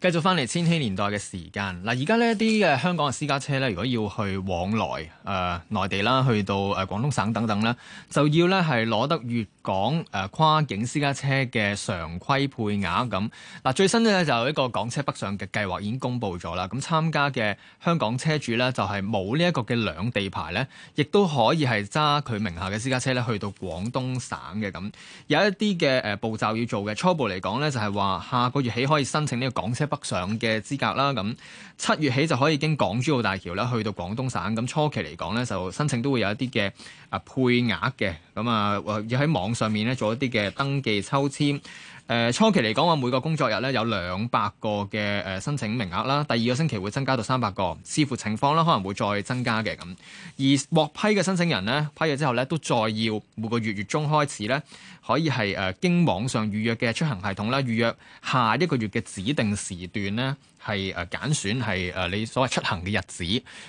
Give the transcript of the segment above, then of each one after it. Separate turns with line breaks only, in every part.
繼續翻嚟千禧年代嘅時間，嗱而家咧啲嘅香港嘅私家車咧，如果要去往來誒、呃、內地啦，去到誒廣東省等等啦，就要咧係攞得越。講誒跨境私家車嘅常規配額咁嗱，最新呢就一個港車北上嘅計劃已經公布咗啦。咁參加嘅香港車主呢，就係冇呢一個嘅兩地牌呢，亦都可以係揸佢名下嘅私家車呢去到廣東省嘅咁。有一啲嘅誒步驟要做嘅，初步嚟講呢，就係話下個月起可以申請呢個港車北上嘅資格啦。咁七月起就可以經港珠澳大橋呢去到廣東省。咁初期嚟講呢，就申請都會有一啲嘅。啊配額嘅咁啊，要喺網上面咧做一啲嘅登記抽籤。誒、呃、初期嚟講，話每個工作日咧有兩百個嘅誒、呃、申請名額啦。第二個星期會增加到三百個，視乎情況啦，可能會再增加嘅咁。而獲批嘅申請人呢，批咗之後呢都再要每個月月中開始呢，可以係誒、呃、經網上預約嘅出行系統啦，預約下一個月嘅指定時段呢係誒、呃、揀選係誒你所謂的出行嘅日子。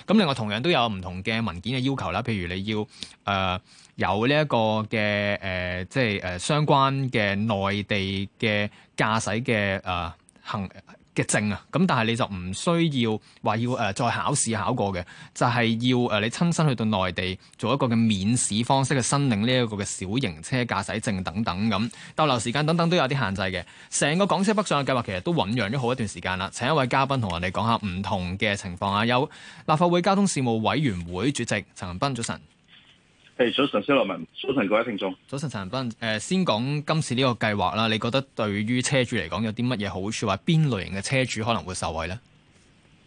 咁另外同樣都有唔同嘅文件嘅要求啦，譬如你要誒、呃、有呢一個嘅誒、呃、即係誒、呃、相關嘅內地。嘅駕駛嘅、呃、行嘅證啊，咁但係你就唔需要話要誒再考試考過嘅，就係、誒、要你親身去到內地做一個嘅免試方式嘅申領呢一個嘅小型車駕駛證等等，咁逗留時間等等都有啲限制嘅。成個港車北上嘅計劃其實都醖釀咗好一段時間啦。請一位嘉賓我說說同我哋講下唔同嘅情況啊，有立法會交通事務委員會主席陳恒鑌，早晨。
係、hey, 早晨，小樂文。早晨各位聽眾。
早晨陳恒鑌。誒，先講今次呢個計劃啦。你覺得對於車主嚟講有啲乜嘢好處？話邊類型嘅車主可能會受惠呢？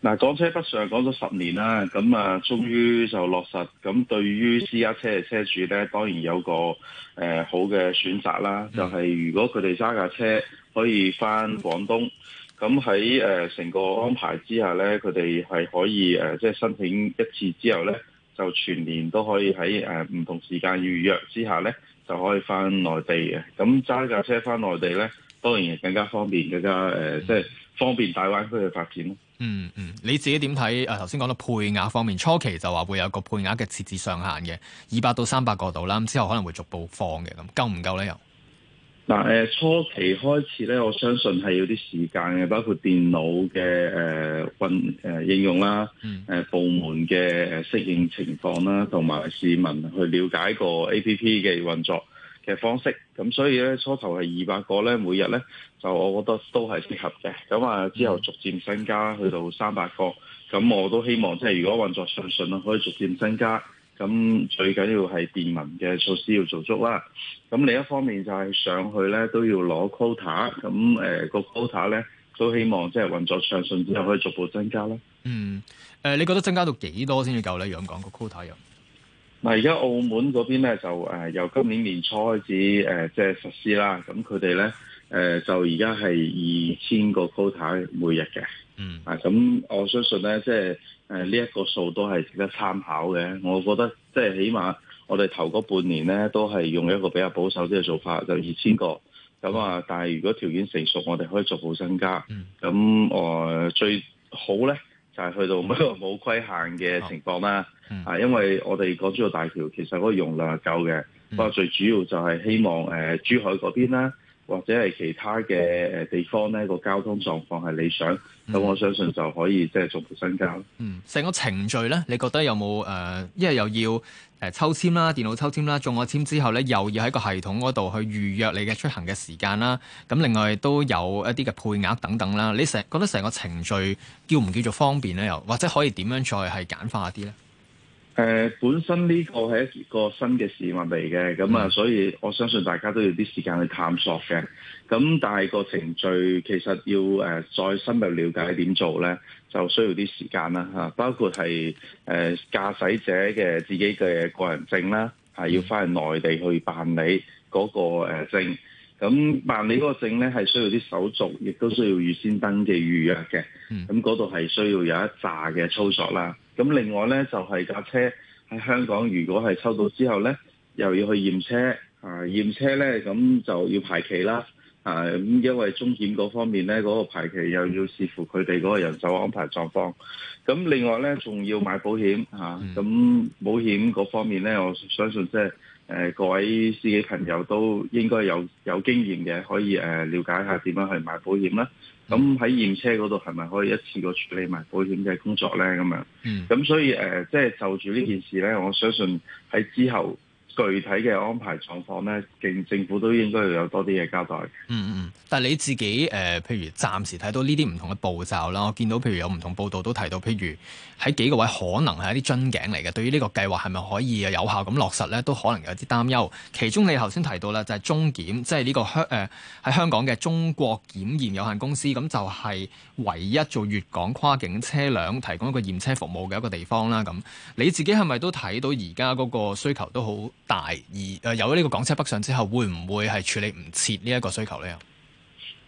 嗱，港車北上講咗十年啦，咁啊，終於就落實。咁對於私家車嘅車主咧，當然有個誒、呃、好嘅選擇啦。嗯、就係如果佢哋揸架車可以翻廣東，咁喺誒成個安排之下咧，佢哋係可以誒即係申請一次之後咧，就全年都可以喺誒唔同時間預約之下咧，就可以翻內地嘅。咁揸架車翻內地咧，當然更加方便，更加誒，即係方便大灣區嘅發展咯。嗯
嗯，你自己點睇？誒頭先講到配額方面，初期就話會有個配額嘅設置上限嘅，二百到三百個度啦。咁之後可能會逐步放嘅，咁夠唔夠咧又？
嗱、啊、初期開始咧，我相信係要啲時間嘅，包括電腦嘅誒、呃、運、呃、應用啦，呃、部門嘅適應情況啦，同埋市民去了解個 A P P 嘅運作嘅方式。咁所以咧，初頭係二百個咧，每日咧就我覺得都係適合嘅。咁啊，之後逐漸增加去到三百個，咁我都希望即係如果運作順順啦可以逐漸增加。咁最緊要係便民嘅措施要做足啦。咁另一方面就係上去咧都要攞 quota。咁誒個 quota 咧都希望即係運作上順之後可以逐步增加啦。嗯。
誒，你覺得增加到幾多先至夠咧？樣講個 quota 又？
嗱，而家澳門嗰邊咧就誒由今年年初開始誒即係實施啦。咁佢哋咧誒就而家係二千個 quota 每日嘅。嗯。啊，咁我相信咧即係。誒，呢一個數都係值得參考嘅。我覺得即係起碼，我哋頭嗰半年咧都係用一個比較保守啲嘅做法，就二、是、千個咁啊。嗯、但係如果條件成熟，我哋可以逐步增加。咁誒、嗯嗯呃，最好咧就係、是、去到冇規限嘅情況啦。啊、哦、嗯、因為我哋港珠澳大橋其實嗰個容量係夠嘅，不過、嗯、最主要就係希望誒、呃，珠海嗰邊啦。或者係其他嘅誒地方呢、個交通狀況係理想，咁我相信就可以即係逐步增加。
嗯，成個程序呢，你覺得有冇誒、呃？因為又要誒、呃、抽籤啦，電腦抽籤啦，中咗籤之後呢，又要喺個系統嗰度去預約你嘅出行嘅時間啦。咁另外都有一啲嘅配額等等啦。你成覺得成個程序叫唔叫做方便呢？又或者可以點樣再係簡化啲呢？
誒、呃、本身呢個係一個新嘅事物嚟嘅，咁啊，所以我相信大家都要啲時間去探索嘅。咁但係個程序其實要、呃、再深入了解點做咧，就需要啲時間啦、啊、包括係誒、呃、駕駛者嘅自己嘅個人證啦，係、啊、要翻去內地去辦理嗰個證。咁辦理嗰個證咧，係需要啲手續，亦都需要預先登記預約嘅。咁嗰度係需要有一紮嘅操作啦。咁另外咧，就係架車喺香港，如果係抽到之後咧，又要去驗車。啊，驗車咧，咁就要排期啦。啊，咁因為中檢嗰方面咧，嗰個排期又要視乎佢哋嗰個人手安排狀況。咁另外咧，仲要買保險吓。咁保險嗰方面咧，我相信即係。誒、呃、各位司己朋友都應該有有經驗嘅，可以誒、呃、了解一下點樣去買保險啦。咁喺驗車嗰度係咪可以一次過處理埋保險嘅工作咧？咁樣嗯，咁所以誒，即、呃、係就住、是、呢件事咧，我相信喺之後。具體嘅安排狀況呢，政府都應該要有多啲嘢交代。嗯嗯，
但係你自己、呃、譬如暫時睇到呢啲唔同嘅步驟啦，我見到譬如有唔同報道都提到，譬如喺幾個位可能係一啲樽頸嚟嘅，對於呢個計劃係咪可以有效咁落實呢，都可能有啲擔憂。其中你頭先提到啦，就係中檢，即係呢個香誒，喺香港嘅中國檢驗有限公司，咁就係唯一做粵港跨境車輛提供一個驗車服務嘅一個地方啦。咁你自己係咪都睇到而家嗰個需求都好？大而有咗呢個港車北上之後，會唔會係處理唔切呢一個需求呢？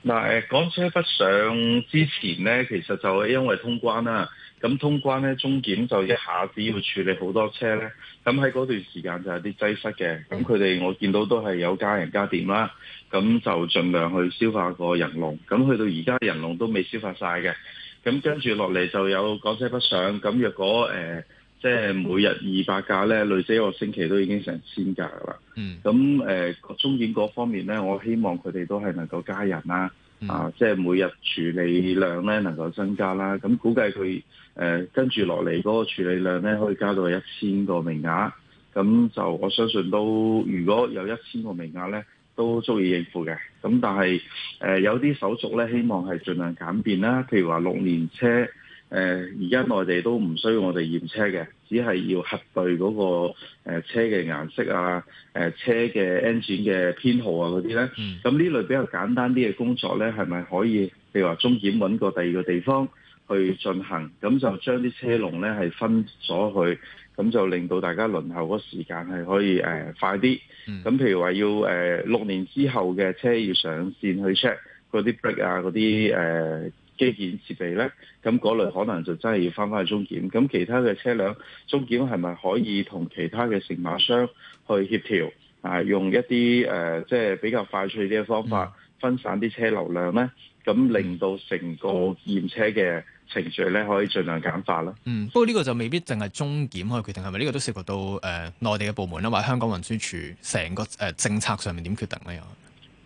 嗱，港車北上之前呢，其實就係因為通關啦，咁通關呢，中檢就一下子要處理好多車呢。咁喺嗰段時間就有啲擠塞嘅。咁佢哋我見到都係有加人加點啦，咁就盡量去消化個人龍，咁去到而家人龍都未消化曬嘅。咁跟住落嚟就有港車北上，咁若果、呃即係每日二百架咧，累積一個星期都已經成千架啦。咁誒、mm. 呃，中檢嗰方面咧，我希望佢哋都係能夠加人啦。Mm. 啊，即係每日處理量咧能夠增加啦。咁估計佢誒跟住落嚟嗰個處理量咧，可以加到一千個名額。咁就我相信都，如果有一千個名額咧，都足以應付嘅。咁但係、呃、有啲手續咧，希望係儘量簡便啦。譬如話六年車。誒而家內地都唔需要我哋驗車嘅，只係要核對嗰、那個誒、呃、車嘅顏色啊、誒、呃、車嘅 engine 嘅編號啊嗰啲咧。咁呢、嗯、類比較簡單啲嘅工作咧，係咪可以，譬如話中檢搵個第二個地方去進行？咁就將啲車龍咧係分咗去，咁就令到大家輪候嗰時間係可以誒、呃、快啲。咁、嗯、譬如話要誒六、呃、年之後嘅車要上線去 check 嗰啲 brake 啊、嗰啲誒。嗯呃機件設備咧，咁嗰類可能就真係要翻返去中檢。咁其他嘅車輛，中檢係咪可以同其他嘅乘碼商去協調啊？用一啲誒、呃，即係比較快速啲嘅方法，分散啲車流量咧，咁令到成個驗車嘅程序咧，可以儘量簡化咯。嗯，
不過呢個就未必淨係中檢可以決定，係咪呢個都涉及到誒、呃、內地嘅部門啦，或者香港運輸署成個誒、呃、政策上面點決定咧？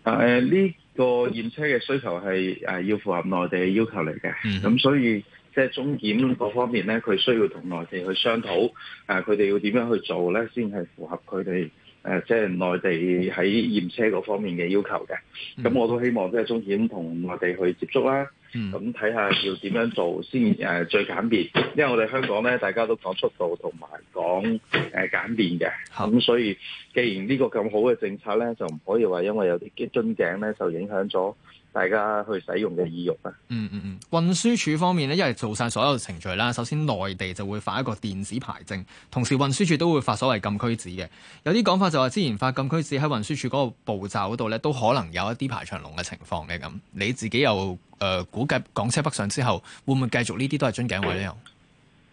誒，呢、啊呃呢個驗車嘅需求係誒、呃、要符合內地嘅要求嚟嘅，咁、mm hmm. 所以即係中檢嗰方面咧，佢需要同內地去商討，誒、呃，佢哋要點樣去做咧，先係符合佢哋誒，即係內地喺驗車嗰方面嘅要求嘅。咁我都希望即係中檢同內地去接觸啦。咁睇下要點樣做先、呃、最簡便，因為我哋香港咧大家都講速度同埋講、呃、簡便嘅，咁好、嗯、所以既然呢個咁好嘅政策咧，就唔可以話因為有啲樽頸咧就影響咗大家去使用嘅意欲啊、嗯！
嗯嗯嗯，運輸署方面咧，因為做晒所有程序啦。首先，內地就會發一個電子牌證，同時運輸署都會發所謂禁區紙嘅。有啲講法就話，之前發禁區紙喺運輸署嗰個步驟嗰度呢都可能有一啲排長龍嘅情況嘅。咁你自己又誒、呃，估計港車北上之後，會唔會繼續呢啲都係樽頸位呢樣？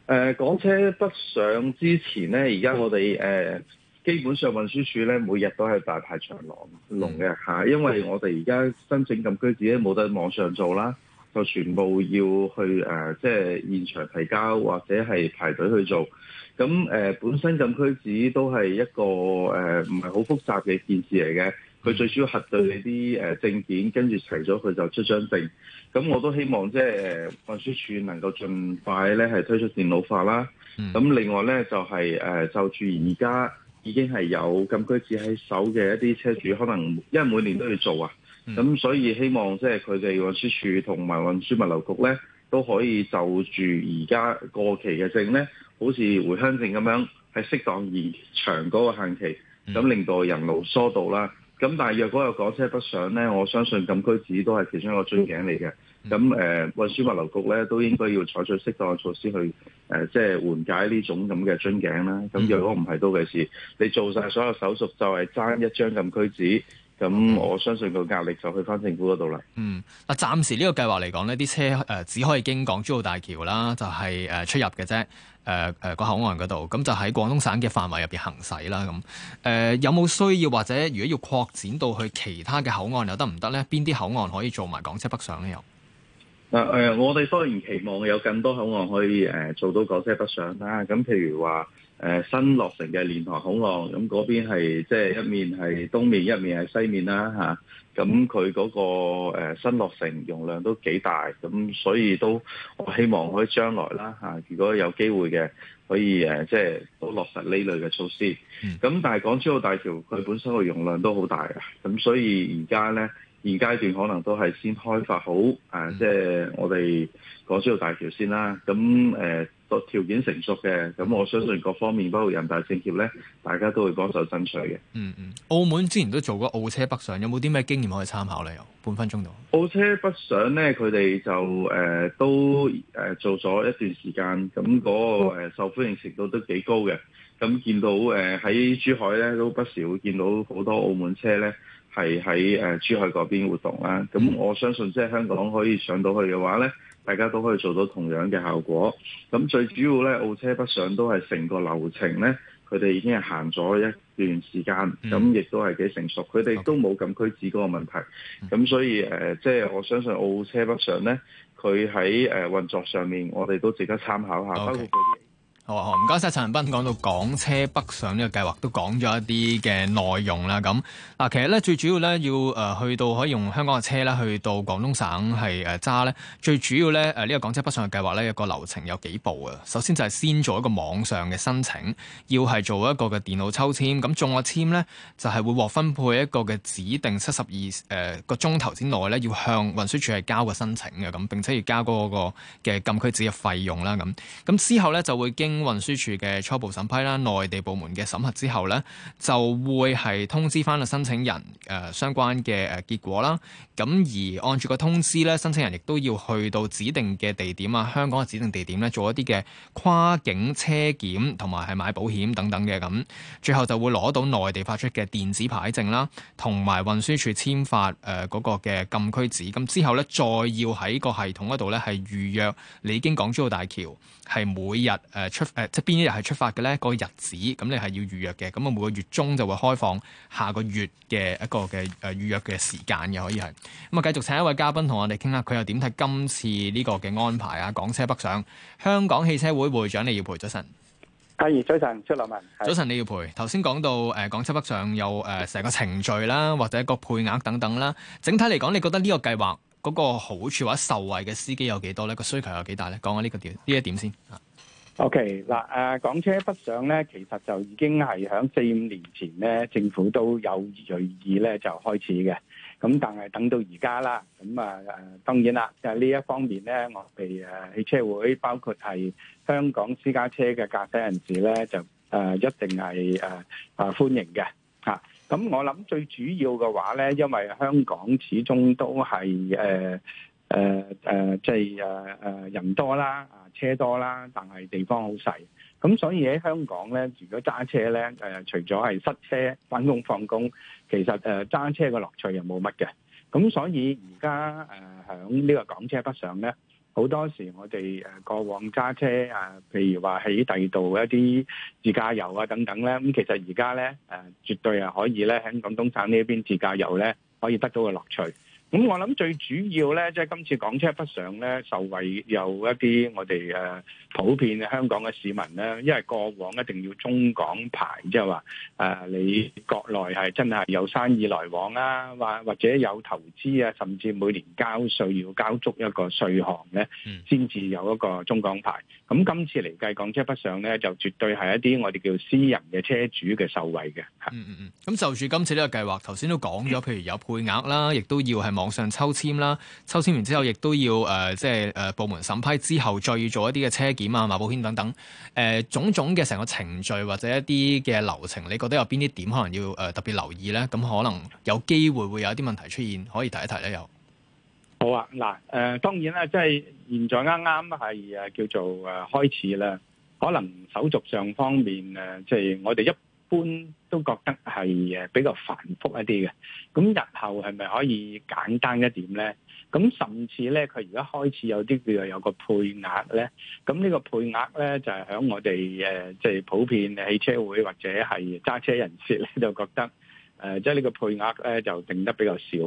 誒，港車北上之前呢，而家我哋誒。呃基本上運輸署咧，每日都係大排長龍嘅嚇，因為我哋而家申請禁區紙咧，冇得網上做啦，就全部要去誒，即係現場提交或者係排隊去做。咁誒本身禁區紙都係一個誒唔係好複雜嘅件事嚟嘅，佢最主要核對你啲誒證件，跟住齊咗佢就出張證。咁我都希望即係運輸署能夠儘快咧係推出電腦化啦。咁另外咧就係誒就住而家。已經係有禁區紙喺手嘅一啲車主，可能因為每年都要做啊，咁所以希望即係佢哋運輸署同埋運輸物流局呢，都可以就住而家過期嘅證呢，好似回鄉證咁樣，係適當延長嗰個限期，咁令到人流疏導啦。咁但係若果有港車北上呢，我相信禁區紙都係其中一個樽頸嚟嘅。咁誒，運輸、呃、物流局咧都應該要採取適當嘅措施去、呃、即係緩解呢種咁嘅樽頸啦。咁如果唔係都嘅事，你做晒所有手續就係爭一張禁區紙，咁我相信個壓力就去翻政府嗰度啦。嗯，
嗱，暫時呢個計劃嚟講呢，啲車，誒，只可以經港珠澳大橋啦，就係、是、誒出入嘅啫。誒、呃，個口岸嗰度咁就喺廣東省嘅範圍入邊行駛啦。咁誒、呃，有冇需要或者如果要擴展到去其他嘅口岸又得唔得咧？邊啲口岸可以做埋港車北上咧？又？
嗱、 呃、我哋當然期望有更多口岸可以、呃、做到嗰些北上啦。咁譬如話、呃、新落成嘅蓮塘口岸，咁嗰邊係即係一面係東面，一面係西面啦嚇。咁佢嗰個、呃、新落成容量都幾大，咁所以都我希望可以將來啦、啊、如果有機會嘅可以、呃、即係都落實呢類嘅措施。咁、mm hmm. 但係港珠澳大橋佢本身嘅容量都好大嘅，咁所以而家咧。現階段可能都係先開發好，即係、嗯啊就是、我哋港珠澳大橋先啦。咁誒，個、呃、條件成熟嘅，咁我相信各方面,、嗯、各方面包括人大政協咧，大家都會幫手爭取嘅。嗯嗯，
澳門之前都做過澳車北上，有冇啲咩經驗可以參考咧？半分鐘到。
澳車北上咧，佢哋就誒、呃、都做咗一段時間，咁、那、嗰個受歡迎程度都幾高嘅。咁見到誒喺、呃、珠海咧，都不時會見到好多澳門車咧。係喺珠海嗰邊活動啦，咁我相信即係香港可以上到去嘅話呢，大家都可以做到同樣嘅效果。咁最主要呢，澳車北上都係成個流程呢，佢哋已經係行咗一段時間，咁亦都係幾成熟。佢哋都冇咁區止嗰個問題，咁所以，呃，即係我相信澳車北上呢，佢喺運作上面，我哋都值得參考下，包括佢。
好，唔該晒，謝謝陳文斌講到港車北上呢個計劃，都講咗一啲嘅內容啦。咁嗱，其實咧最主要咧要誒、呃、去到可以用香港嘅車咧去到廣東省係誒揸咧，最主要咧誒呢、呃這個港車北上嘅計劃咧有個流程，有幾步嘅。首先就係先做一個網上嘅申請，要係做一個嘅電腦抽籤。咁中咗籤咧，就係、是、會獲分配一個嘅指定七十二誒個鐘頭之內咧，要向運輸署係交個申請嘅咁，並且要交嗰個嘅禁區紙嘅費用啦咁。咁之後咧就會經運輸署嘅初步審批啦，內地部門嘅審核之後咧，就會係通知翻個申請人誒、呃、相關嘅誒結果啦。咁而按住個通知咧，申請人亦都要去到指定嘅地點啊，香港嘅指定地點咧，做一啲嘅跨境車檢同埋係買保險等等嘅咁，最後就會攞到內地發出嘅電子牌證啦，同埋運輸署簽發誒嗰個嘅禁區紙。咁之後咧，再要喺個系統嗰度咧係預約，你經港珠澳大橋係每日誒出。誒、呃，即係邊一日係出發嘅咧？那個日子咁，你係要預約嘅。咁啊，每個月中就會開放下個月嘅一個嘅誒預約嘅時間嘅，可以係咁啊。繼續請一位嘉賓同我哋傾下，佢又點睇今次呢個嘅安排啊？港車北上，香港汽車會會長李耀培，早晨，
係葉早晨出嚟問早
晨李耀培。頭先講到誒、呃，港車北上有誒成、呃、個程序啦，或者一個配額等等啦。整體嚟講，你覺得呢個計劃嗰、那個好處或者受惠嘅司機有幾多咧？個需求有幾大咧？講下呢、這個點呢一點先
OK 嗱，港車北上咧，其實就已經係響四五年前咧，政府都有銳意咧就開始嘅。咁但係等到而家啦，咁啊誒當然啦，誒呢一方面咧，我哋汽車會包括係香港私家車嘅駕駛人士咧，就一定係誒啊，啊歡迎嘅咁、啊、我諗最主要嘅話咧，因為香港始終都係誒。啊誒誒，即係誒誒人多啦，啊車多啦，但係地方好細，咁所以喺香港咧，如果揸車咧，誒、呃、除咗係塞車翻工放工，其實誒揸、呃、車嘅樂趣又冇乜嘅。咁所以而家誒響呢個港車北上咧，好多時我哋誒過往揸車啊，譬如話喺第二度一啲自駕遊啊等等咧，咁、嗯、其實而家咧誒絕對係可以咧喺廣東省呢一邊自駕遊咧，可以得到嘅樂趣。咁我諗最主要咧，即係今次港車北上咧，受惠有一啲我哋誒普遍嘅香港嘅市民咧，因為過往一定要中港牌，即係話誒你國內係真係有生意來往啦，或或者有投資啊，甚至每年交稅要交足一個稅項咧，先至有一個中港牌。咁今次嚟計港車北上咧，就絕對係一啲我哋叫私人嘅車主嘅受惠嘅、嗯。
嗯嗯嗯。咁就住今次呢個計劃，頭先都講咗，譬如有配額啦，亦都要係。網上抽籤啦，抽籤完之後亦都要誒，即係誒部門審批之後，再做一啲嘅車檢啊、買保險等等，誒種種嘅成個程序，或者一啲嘅流程，你覺得有邊啲點可能要誒特別留意咧？咁可能有機會會有啲問題出現，可以提一提咧？有。
好啊，嗱，誒，當然啦，即係現在啱啱係誒叫做誒開始啦，可能手續上方面誒，即係我哋一。般都覺得係誒比較繁複一啲嘅，咁日後係咪可以簡單一點咧？咁甚至咧，佢而家開始有啲叫做有個配額咧，咁呢個配額咧就係響我哋誒即係普遍汽車會或者係揸車人士咧就覺得誒，即係呢個配額咧就定得比較少，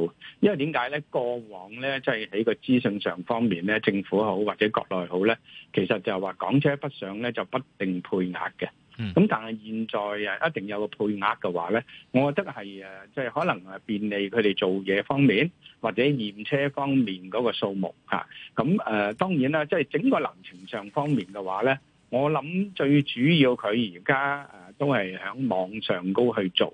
因為點解咧？過往咧即係喺個資訊上方面咧，政府好或者國內好咧，其實就話港車北上咧就不定配額嘅。咁、嗯、但係現在誒一定有個配額嘅話咧，我覺得係誒即係可能誒便利佢哋做嘢方面或者驗車方面嗰個數目嚇。咁、啊、誒、呃、當然啦，即、就、係、是、整個流程上方面嘅話咧，我諗最主要佢而家誒都係喺網上高去做。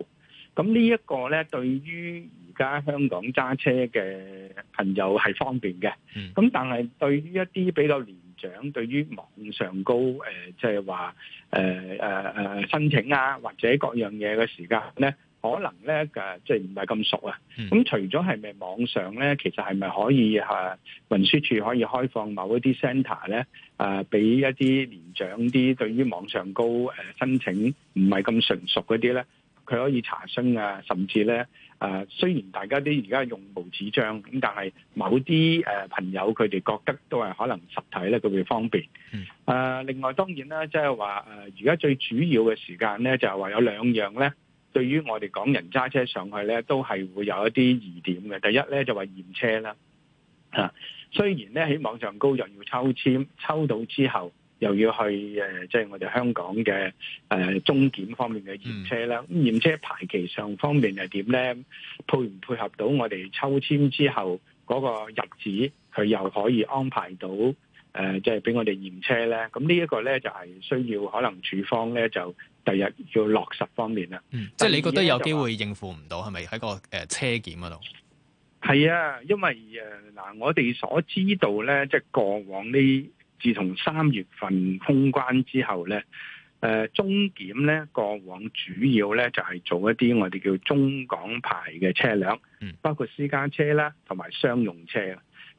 咁呢一個咧，對於而家香港揸車嘅朋友係方便嘅。咁、嗯、但係對於一啲比較年長對於網上高誒，即係話誒誒誒申請啊，或者各樣嘢嘅時間咧，可能咧誒，即係唔係咁熟啊？咁除咗係咪網上咧，其實係咪可以誒運輸署可以開放某一啲 centre 咧，誒俾一啲年長啲對於網上高誒申請唔係咁純熟嗰啲咧？佢可以查詢啊，甚至咧，誒、呃、雖然大家都而家用無紙張，咁但係某啲誒、呃、朋友佢哋覺得都係可能實體咧，佢會方便。誒、呃、另外當然啦，即係話誒而家最主要嘅時間咧，就係、是、話有兩樣咧，對於我哋港人揸車上去咧，都係會有一啲疑點嘅。第一咧就話、是、驗車啦，啊雖然咧喺網上高又要抽籤，抽到之後。又要去即係、就是、我哋香港嘅、呃、中檢方面嘅驗車啦。驗、嗯、車排期上方面又點咧？配唔配合到我哋抽籤之後嗰個日子，佢又可以安排到即係俾我哋驗車咧？咁呢一個咧就係、是、需要可能處方咧，就第日要落實方面啦。嗯，
即係你覺得有機會
應付唔到，係咪
喺個、呃、車檢嗰度？
係啊，
因為嗱、呃，我哋所知道咧，即係過
往呢。自從三月份通關之後咧，誒、呃、中檢咧，過往主要咧就係、是、做一啲我哋叫中港牌嘅車輛，嗯、包括私家車啦，同埋商用車。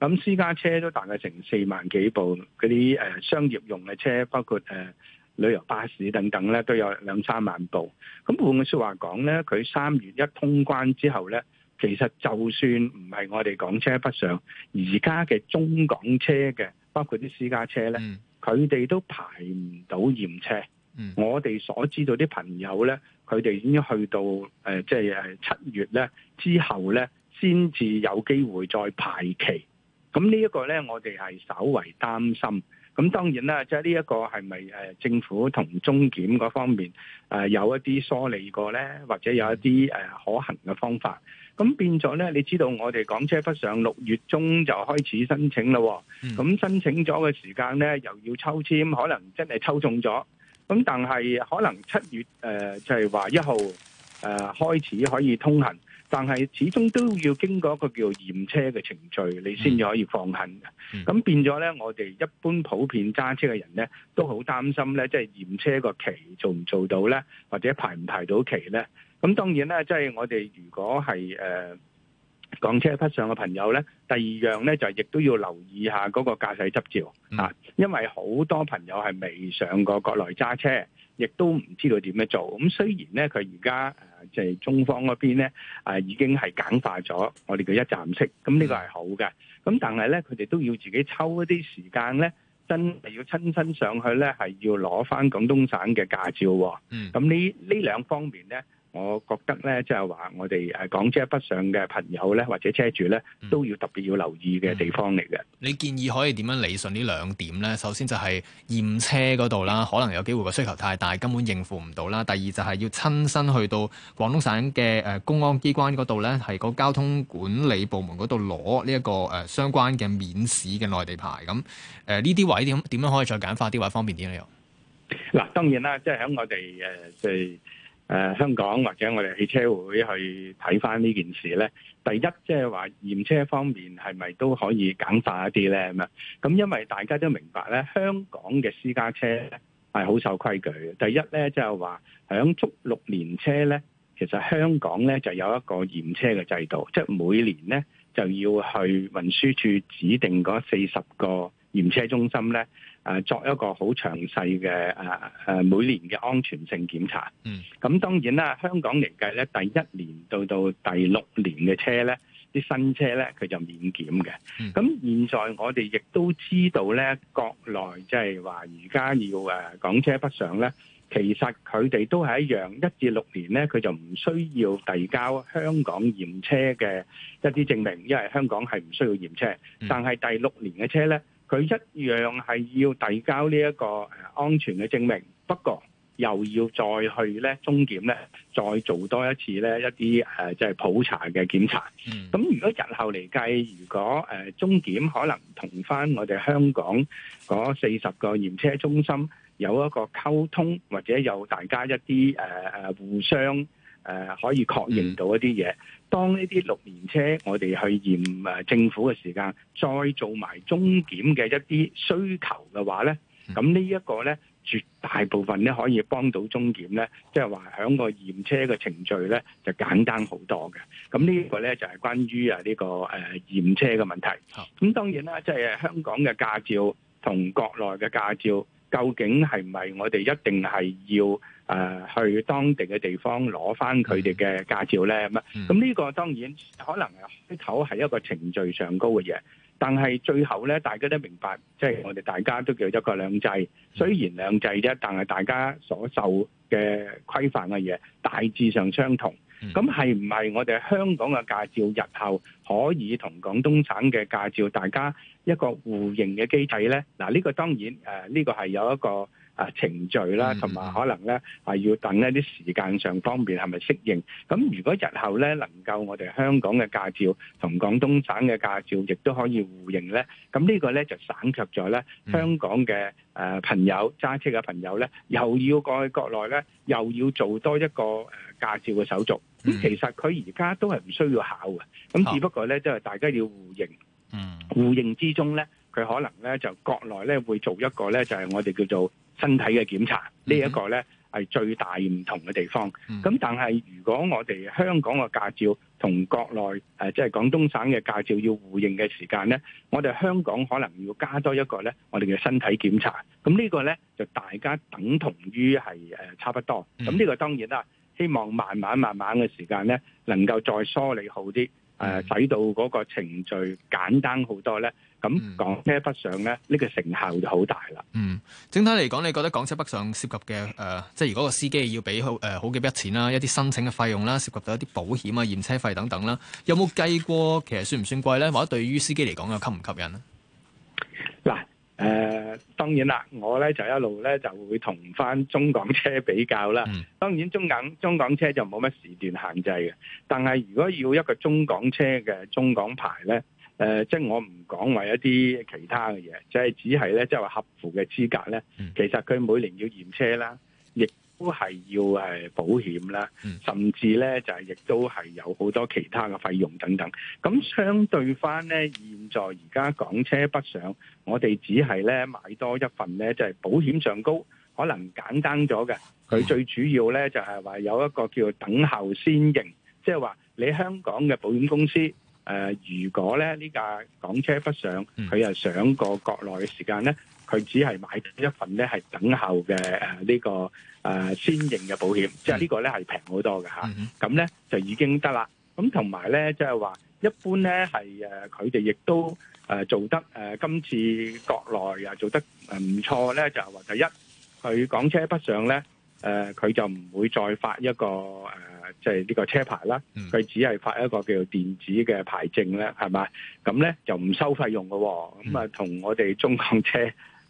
咁私家車都大概成四萬幾部，嗰啲、呃、商業用嘅車，包括、呃、旅遊巴士等等咧，都有兩三萬部。咁換句話說話講咧，佢三月一通關之後咧，其實就算唔係我哋港車北上，而家嘅中港車嘅。包括啲私家車咧，佢哋、嗯、都排唔到驗車。嗯、我哋所知道啲朋友咧，佢哋已經去到誒，即係誒七月咧之後咧，先至有機會再排期。咁呢一個咧，我哋係稍為擔心。咁當然啦，即係呢一個係咪誒政府同中檢嗰方面誒有一啲梳理過咧，或者有一啲誒可行嘅方法？咁變咗咧，你知道我哋港車北上六月中就開始申請咯，哦，咁申請咗嘅時間咧，又要抽籤，可能真係抽中咗。咁但係可能七月誒、呃、就係話一號誒開始可以通行，但係始終都要經過一個叫驗車嘅程序，你先至可以放行嘅。咁變咗咧，我哋一般普遍揸車嘅人咧都好擔心咧，即、就、係、是、驗車個期做唔做到咧，或者排唔排到期咧？咁當然啦，即、就、係、是、我哋如果係誒港車北上嘅朋友咧，第二樣咧就亦都要留意下嗰個駕駛執照、啊、因為好多朋友係未上過國內揸車，亦都唔知道點樣做。咁、啊、雖然咧，佢而家誒即係中方嗰邊咧、啊、已經係簡化咗我哋叫一站式，咁、嗯、呢個係好嘅。咁但係咧，佢哋都要自己抽一啲時間咧，真係要親身上去咧，係要攞翻廣東省嘅駕照。嗯、啊，咁呢呢兩方面咧。我覺得咧，即係話我哋誒港車北上嘅朋友咧，或者車主咧，都要特別要留意嘅地方嚟嘅、嗯嗯。
你建議可以點樣理順呢兩點咧？首先就係驗車嗰度啦，可能有機會個需求太大，根本應付唔到啦。第二就係要親身去到廣東省嘅誒公安機關嗰度咧，係個交通管理部門嗰度攞呢一個誒相關嘅免試嘅內地牌。咁誒呢啲位點樣，點樣可以再簡化啲位，方便啲咧？又嗱，當
然啦，即係喺我哋誒即係。呃誒、呃、香港或者我哋汽車會去睇翻呢件事呢，第一即係話驗車方面係咪都可以簡化一啲呢？咁、嗯、咁因為大家都明白呢，香港嘅私家車係好守規矩嘅。第一呢就係話響足六年車呢，其實香港呢就有一個驗車嘅制度，即係每年呢就要去運輸處指定嗰四十個驗車中心呢。誒作一個好詳細嘅誒誒每年嘅安全性檢查。嗯，咁當然啦，香港嚟計咧，第一年到到第六年嘅車咧，啲新車咧，佢就免檢嘅。咁、嗯、現在我哋亦都知道咧，國內即係話，而家要誒港車北上咧，其實佢哋都係一樣，一至六年咧，佢就唔需要遞交香港驗車嘅一啲證明，因為香港係唔需要驗車。但係第六年嘅車咧。佢一樣係要遞交呢一個安全嘅證明，不過又要再去咧終檢咧，再做多一次咧一啲呃、即係普查嘅檢查。咁、嗯、如果日後嚟計，如果呃、終檢可能同翻我哋香港嗰四十個驗車中心有一個溝通，或者有大家一啲、呃、互相。誒、呃、可以確認到一啲嘢，當呢啲六年車我哋去驗誒、呃、政府嘅時間，再做埋終檢嘅一啲需求嘅話咧，咁呢一個咧絕大部分咧可以幫到終檢咧，即係話喺個驗車嘅程序咧就簡單好多嘅。咁呢一個咧就係、是、關於啊、這、呢個誒、呃、驗車嘅問題。咁當然啦，即、就、係、是、香港嘅駕照同國內嘅駕照，究竟係唔係我哋一定係要？呃、去當地嘅地方攞翻佢哋嘅駕照咧咁啊，咁呢、mm hmm. 個當然可能係開頭係一個程序上高嘅嘢，但係最後咧，大家都明白，即、就、係、是、我哋大家都叫一個兩制，雖然兩制啫，但係大家所受嘅規範嘅嘢大致上相同。咁係唔係我哋香港嘅駕照日後可以同廣東省嘅駕照大家一個互認嘅機制咧？嗱、呃，呢、這個當然誒，呢、呃這個係有一個。啊程序啦，同埋可能咧要等一啲時間上方面係咪適應？咁如果日後咧能夠我哋香港嘅駕照同廣東省嘅駕照亦都可以互認咧，咁呢個咧就省卻咗咧香港嘅朋友揸、嗯、車嘅朋友咧，又要過去國內咧，又要做多一個誒駕照嘅手續。咁、嗯、其實佢而家都係唔需要考嘅，咁只不過咧都係大家要互認，嗯、互認之中咧。佢可能咧就國內咧會做一個咧就係、是、我哋叫做身體嘅檢查，mm hmm. 這個呢一個咧係最大唔同嘅地方。咁、mm hmm. 但係如果我哋香港嘅駕照同國內即係、呃就是、廣東省嘅駕照要互認嘅時間咧，我哋香港可能要加多一個咧，我哋嘅身體檢查。咁呢個咧就大家等同於係誒差不多。咁呢、mm hmm. 個當然啦，希望慢慢慢慢嘅時間咧能夠再梳理好啲。誒，使到嗰個程序簡單好多咧，咁港車北上咧，呢個成效就好大啦。
嗯，整體嚟講，你覺得港車北上涉及嘅誒、呃，即係如果個司機要俾好誒、呃、好幾筆錢啦，一啲申請嘅費用啦，涉及到一啲保險啊、驗車費等等啦，有冇計過其實算唔算貴咧？或者對於司機嚟講又吸唔吸引
咧？嗱。誒、嗯呃、當然啦，我咧就一路咧就會同翻中港車比較啦。嗯、當然中港中港車就冇乜時段限制嘅，但係如果要一個中港車嘅中港牌咧，誒、呃、即係我唔講話一啲其他嘅嘢，即係只係咧即係話合符嘅資格咧，嗯、其實佢每年要驗車啦。都係要誒保險啦，甚至咧就係亦都係有好多其他嘅費用等等。咁相對翻咧，現在而家港車北上，我哋只係咧買多一份咧，就係保險上高，可能簡單咗嘅。佢最主要咧就係話有一個叫等候先認，即係話你香港嘅保險公司誒、呃，如果咧呢架港車北上，佢又上過國內嘅時間咧。佢只係買一份咧，係等候嘅誒呢個誒、呃、先認嘅保險，嗯、即係呢個咧係平好多嘅嚇。咁咧、嗯、就已經得啦。咁同埋咧即係話，呢就是、一般咧係誒佢哋亦都誒做得誒、呃、今次國內又做得誒唔錯咧，就係、是、話第一，佢港車北上咧誒，佢、呃、就唔會再發一個誒，即係呢個車牌啦。佢、嗯、只係發一個叫做電子嘅牌證咧，係咪？咁咧就唔收費用嘅、哦。咁、嗯、啊，同、嗯、我哋中港車。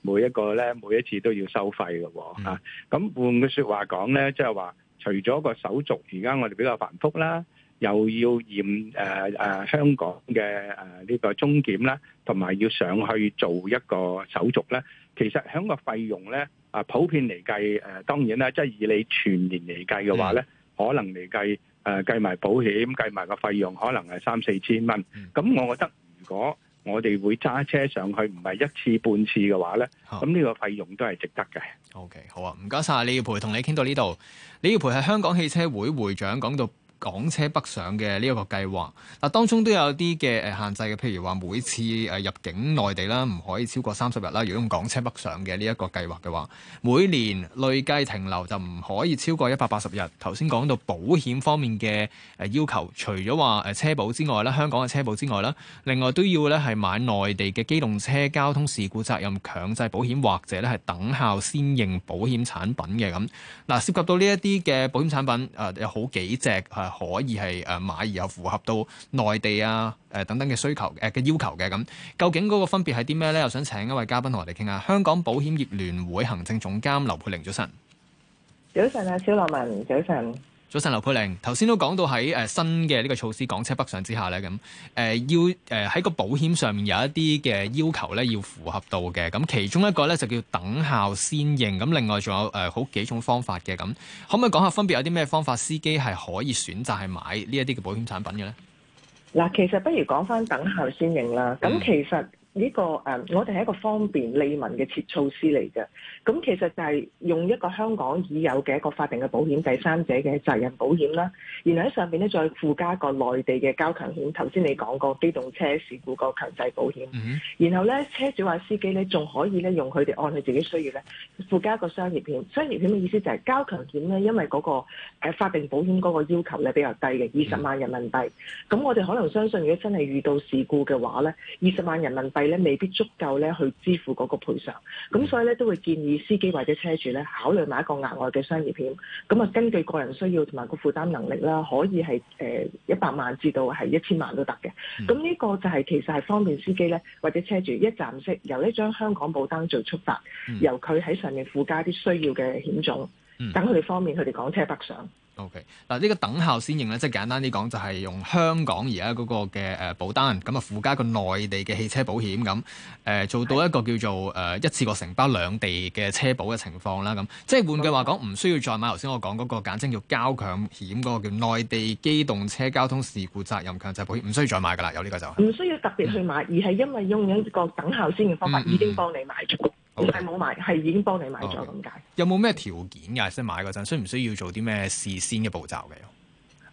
每一個咧，每一次都要收費咯喎嚇。咁換句說話講咧，即係話，除咗個手續，而家我哋比較繁複啦，又要驗誒誒香港嘅誒呢個終檢啦，同埋要上去做一個手續咧。其實喺個費用咧，啊普遍嚟計誒，當然咧，即係以你全年嚟計嘅話咧，可能嚟計誒計埋保險、計埋個費用，可能係三四千蚊。咁我覺得如果。我哋會揸車上去，唔係一次半次嘅話呢，咁
呢個費用都係值得嘅。OK，好啊，唔該晒。李耀培，同你傾到呢度。李耀培係香港汽車會會長，講到。港車北上嘅呢一個計劃，嗱當中都有啲嘅誒限制嘅，譬如話每次誒入境內地啦，唔可以超過三十日啦。如果用港車北上嘅呢一個計劃嘅話，每年累計停留就唔可以超過一百八十日。頭先講到保險方面嘅誒要求，除咗話誒車保之外啦，香港嘅車保之外啦，另外都要咧係買內地嘅機動車交通事故責任強制保險，或者咧係等效先認保險產品嘅咁。嗱，涉及到呢一啲嘅保險產品誒，有好幾隻。可以係誒買，而又符合到內地啊誒等等嘅需求誒嘅、呃、要求嘅咁，究竟嗰個分別係啲咩呢？又想請一位嘉賓同我哋傾下。香港保險業聯會行政總監劉佩玲，早晨。
早晨啊，小羅文，早晨。
早晨，劉佩玲，頭先都講到喺誒新嘅呢個措施港車北上之下咧，咁誒要誒喺個保險上面有一啲嘅要求咧，要符合到嘅。咁其中一個咧就叫等效先認，咁另外仲有誒好、呃、幾種方法嘅。咁可唔可以講下分別有啲咩方法，司機係可以選擇係買呢一啲嘅保險產品嘅咧？
嗱，其實不如講返等效先認啦。咁、嗯、其實呢、這個誒，我哋係一個方便利民嘅設措施嚟嘅。咁其實就係用一個香港已有嘅一個法定嘅保險第三者嘅責任保險啦，然後喺上面咧再附加個內地嘅交強險。頭先你講過機動車事故個強制保險，然後咧車主或司機咧仲可以咧用佢哋按佢自己需要咧附加一個商業險。商業險嘅意思就係、是、交強險咧，因為嗰、那個、呃、法定保險嗰個要求咧比較低嘅二十萬人民幣。咁、嗯、我哋可能相信如果真係遇到事故嘅話咧，二十萬人民幣咧未必足夠咧去支付嗰個賠償。咁所以咧都會建議。司機或者車主咧，考慮買一個額外嘅商業險，咁啊，根據個人需要同埋個負擔能力啦，可以係誒一百萬至到係一千萬都得嘅。咁呢、嗯、個就係其實係方便司機咧或者車主，一站式由呢張香港保單做出發，嗯、由佢喺上面附加啲需要嘅險種，等佢哋方便佢哋港車北上。
OK 嗱，呢個等效先認咧，即係簡單啲講，就係、是、用香港而家嗰個嘅誒保單，咁啊附加個內地嘅汽車保險咁，誒、呃、做到一個叫做誒一次過承包兩地嘅車保嘅情況啦，咁即係換句話講，唔需要再買，頭先我講嗰個簡稱叫交強險嗰個叫內地機動車交通事故責任強制保險，唔需要再買噶啦，有呢個就唔、是、
需要特別去買，嗯、而係因為用緊個等效先認方法已經幫你買咗。嗯嗯嗯嗯唔係冇買，係
已經幫你買咗咁解。Okay. 有冇咩條件㗎？即係買嗰陣，需唔需要做啲咩事先嘅步驟嘅？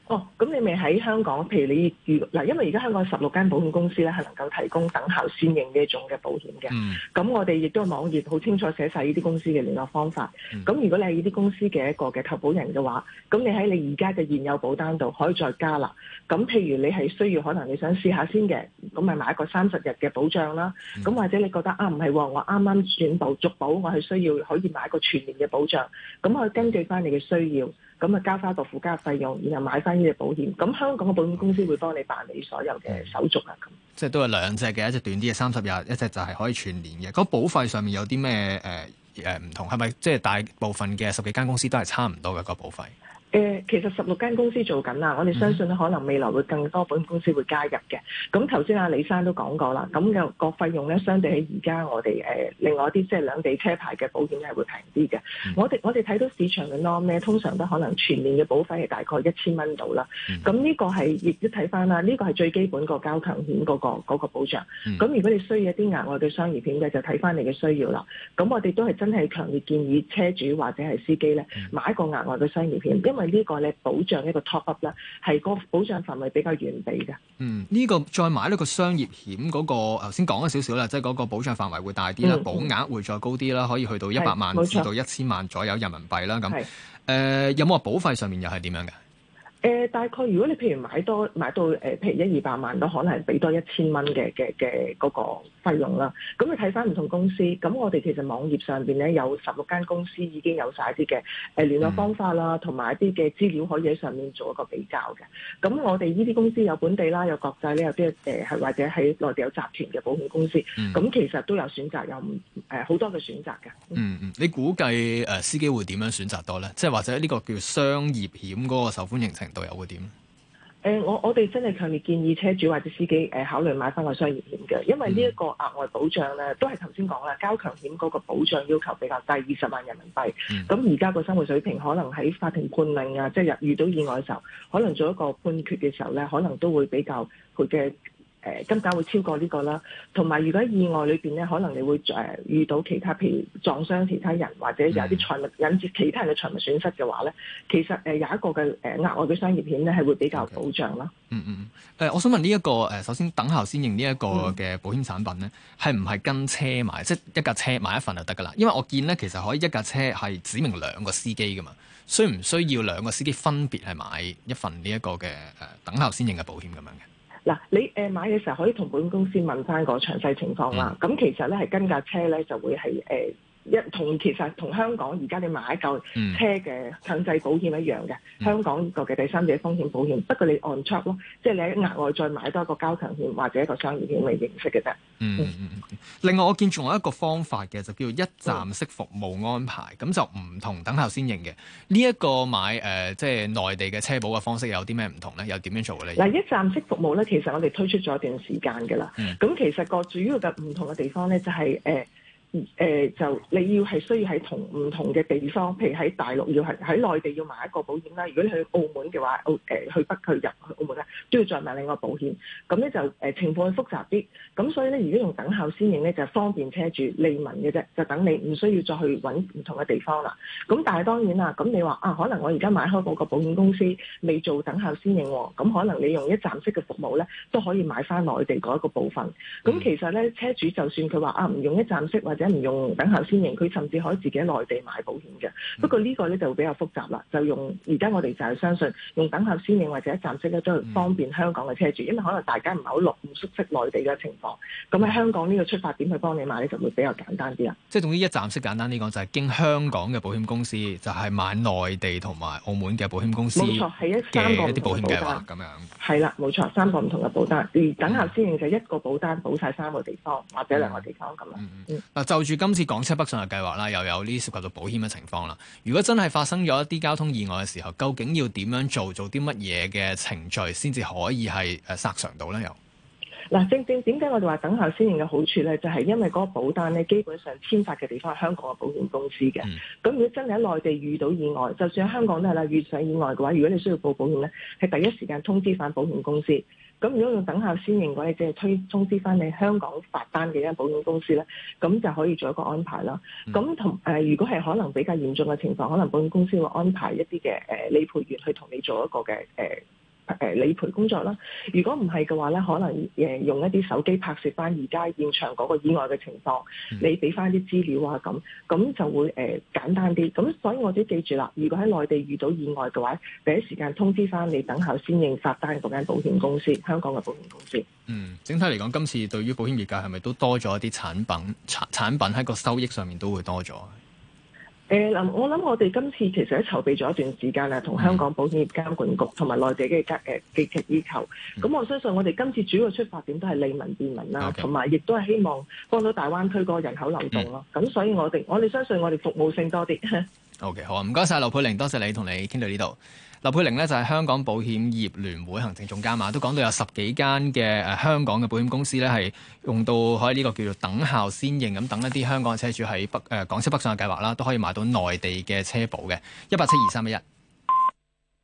哦，咁你未喺香港？譬如你嗱，因為而家香港十六間保險公司咧，係能夠提供等效先認嘅一種嘅保險嘅。咁、嗯、我哋亦都喺網頁好清楚寫晒呢啲公司嘅聯絡方法。咁、嗯、如果你係呢啲公司嘅一個嘅投保人嘅話，咁你喺你而家嘅現有保單度可以再加啦。咁譬如你係需要，可能你想試下先嘅，咁咪買一個三十日嘅保障啦。咁、嗯、或者你覺得啊，唔係喎，我啱啱轉部續保，我係需要可以買一個全年嘅保障。咁我根據翻你嘅需要。咁咪交翻個附加費用，然後買翻呢隻保險。咁香港嘅保險公司會幫你辦理所有嘅手續啊。咁
即係都有兩隻嘅，一隻短啲嘅三十日，30, 20, 一隻就係可以全年嘅。咁、個、保費上面有啲咩誒誒唔同？係咪即係大部分嘅十幾間公司都係差唔多嘅，個保費？
呃、其實十六間公司做緊啦，我哋相信咧，可能未來會更多保險公司會加入嘅。咁頭先阿李生都講過啦，咁、嗰個費費用咧，相對起而家我哋、呃、另外一啲即係兩地車牌嘅保險咧係會平啲嘅。我哋我哋睇到市場嘅 norm，通常都可能全年嘅保費係大概一千蚊度啦。咁呢、嗯、個係亦都睇翻啦，呢、呢個係最基本個交強險、嗰個交強險嗰個嗰個保障。咁、嗯、如果你需要一啲額外嘅商業險嘅，就睇翻你嘅需要啦。咁我哋都係真係強烈建議車主或者係司機咧買一個額外嘅商業險。嗯、因為呢個咧保障一個 top up 啦，
係、嗯這個個，那個、個保障範圍比較完備嘅。嗯，呢個再買呢個商業險嗰個，頭先講咗少少啦，即係嗰個保障範圍會大啲啦，保額會再高啲啦，可以去到一百萬至到一千萬左右人民幣啦。咁誒，是呃、沒有冇話保費上面又係點樣嘅？
誒、呃、大概如果你譬如買多買到誒、呃、譬如一二百萬都可能係俾多一千蚊嘅嘅嘅嗰個費用啦。咁你睇翻唔同公司，咁我哋其實網頁上邊咧有十六間公司已經有晒啲嘅誒聯絡方法啦，同埋、嗯、一啲嘅資料可以喺上面做一個比較嘅。咁我哋呢啲公司有本地啦，有國際呢，有啲誒係或者喺內地有集團嘅保險公司。咁、嗯、其實都有選擇，有誒好多嘅選擇嘅。嗯嗯，
你估計誒司機會點樣選擇多咧？即係或者呢個叫商業險嗰個受歡迎程度？都有會點？誒、
呃，我我哋真係強烈建議車主或者司機誒、呃，考慮買翻個商業險嘅，因為呢一個額外保障咧，都係頭先講啦，交強險嗰個保障要求比較低，二十萬人民幣。咁而家個生活水平可能喺法庭判令啊，即係入遇到意外嘅時候，可能做一個判決嘅時候咧，可能都會比較佢嘅。誒金額會超過呢、這個啦，同埋如果意外裏邊咧，可能你會誒遇到其他，譬如撞傷其他人，或者有啲財物引致其他人嘅財物損失嘅話咧，其實誒有一個嘅誒額外嘅商業險咧，係會比較保障啦。
Okay. 嗯嗯，誒、呃，我想問呢、這、一個誒，首先等效先認呢一個嘅保險產品咧，係唔係跟車買，即係、嗯、一架車買一份就得噶啦？因為我見咧，其實可以一架車係指明兩個司機噶嘛，需唔需要兩個司機分別係買一份呢一個嘅誒等效先認嘅保險咁樣嘅？
嗱，你誒買嘅時候可以同保險公司問翻個詳細情況啦。咁其實咧係跟架車咧就會係一同其實同香港而家你買一嚿車嘅強制保險一樣嘅，嗯、香港個嘅第三者風險保險，不過你按出咯，即係你額外再買多一個交強險或者一個商業險嚟形式嘅啫。嗯
嗯嗯。另外我見仲有一個方法嘅就叫一站式服務安排，咁、嗯、就唔同等頭先認嘅。呢、這、一個買誒即係內地嘅車保嘅方式有啲咩唔同咧？又點樣做咧？嗱，一
站式服務咧，其實我哋推出咗一段時間㗎喇。咁、嗯、其實個主要嘅唔同嘅地方咧，就係、是呃誒、呃、就你要係需要喺同唔同嘅地方，譬如喺大陸要係喺內地要買一個保險啦。如果你去澳門嘅話，澳、呃、去北去入去澳門啦都要再買另外保險。咁咧就誒、呃、情況複雜啲。咁所以咧，而家用等效先認咧就方便車主利民嘅啫，就等你唔需要再去揾唔同嘅地方啦。咁但係當然啦，咁你話啊，可能我而家買開嗰個保險公司未做等效先認喎、哦，咁可能你用一站式嘅服務咧都可以買翻內地嗰一個部分。咁其實咧，車主就算佢話啊唔用一站式或者，唔用等效先認，佢甚至可以自己喺內地買保險嘅。不過呢個咧就比較複雜啦，就用而家我哋就係相信用等效先認或者一站式咧都方便香港嘅車主，因為可能大家唔係好落唔熟悉內地嘅情況。咁喺香港呢個出發點去幫你買咧，就會比較簡單
啲啦。即係總之一站式簡單啲講，就係、是、經香港嘅保險公司就係買內地同埋澳門嘅保險公司，冇錯係一是三個一啲保險計劃咁樣。係
啦，冇錯，三個唔同嘅保單。而等效先認就一個保單保晒三個地方或者兩個地方咁咯。嗯嗯
就住今次港車北上嘅計劃啦，又有呢涉及到保險嘅情況啦。如果真係發生咗一啲交通意外嘅時候，究竟要點樣做，做啲乜嘢嘅程序先至可以係誒索償到咧？又
嗱，正正點解我哋話等效先認嘅好處咧，就係、是、因為嗰個保單咧，基本上簽發嘅地方係香港嘅保險公司嘅。咁、嗯、如果真係喺內地遇到意外，就算喺香港都係啦，遇上意外嘅話，如果你需要報保險咧，係第一時間通知返保險公司。咁如果要等效先認嘅你，即係推通知翻你香港發單嘅一間保險公司咧，咁就可以做一個安排啦。咁同、嗯呃、如果係可能比較嚴重嘅情況，可能保險公司會安排一啲嘅、呃、理賠員去同你做一個嘅、呃誒理賠工作啦，如果唔係嘅話咧，可能誒、呃、用一啲手機拍攝翻而家現場嗰個意外嘅情況，你俾翻啲資料啊咁，咁就會誒、呃、簡單啲。咁所以我都記住啦，如果喺內地遇到意外嘅話，第一時間通知翻你，等候先應發單嗰間保險公司，香港嘅保險
公司。嗯，整體嚟講，今次對於保險業界係咪都多咗一啲產品產產品喺個收益上面都會多咗？
誒，嗱，我諗我哋今次其實喺籌備咗一段時間啦，同香港保險業監管局同埋內地嘅格誒積極要求，咁我相信我哋今次主要嘅出發點都係利民便民啦，同埋亦都係希望幫到大灣區嗰個人口流動咯，咁所以我哋我哋相信我哋服務性多啲。
OK，好啊，唔該晒劉佩玲，多謝你同你傾到呢度。劉佩玲咧就係香港保險業聯會行政總監嘛，都講到有十幾間嘅誒香港嘅保險公司咧，係用到可以呢個叫做等效先認咁，等一啲香港嘅車主喺北誒港車北上嘅計劃啦，都可以買到內地嘅車保嘅，一八七二三一一。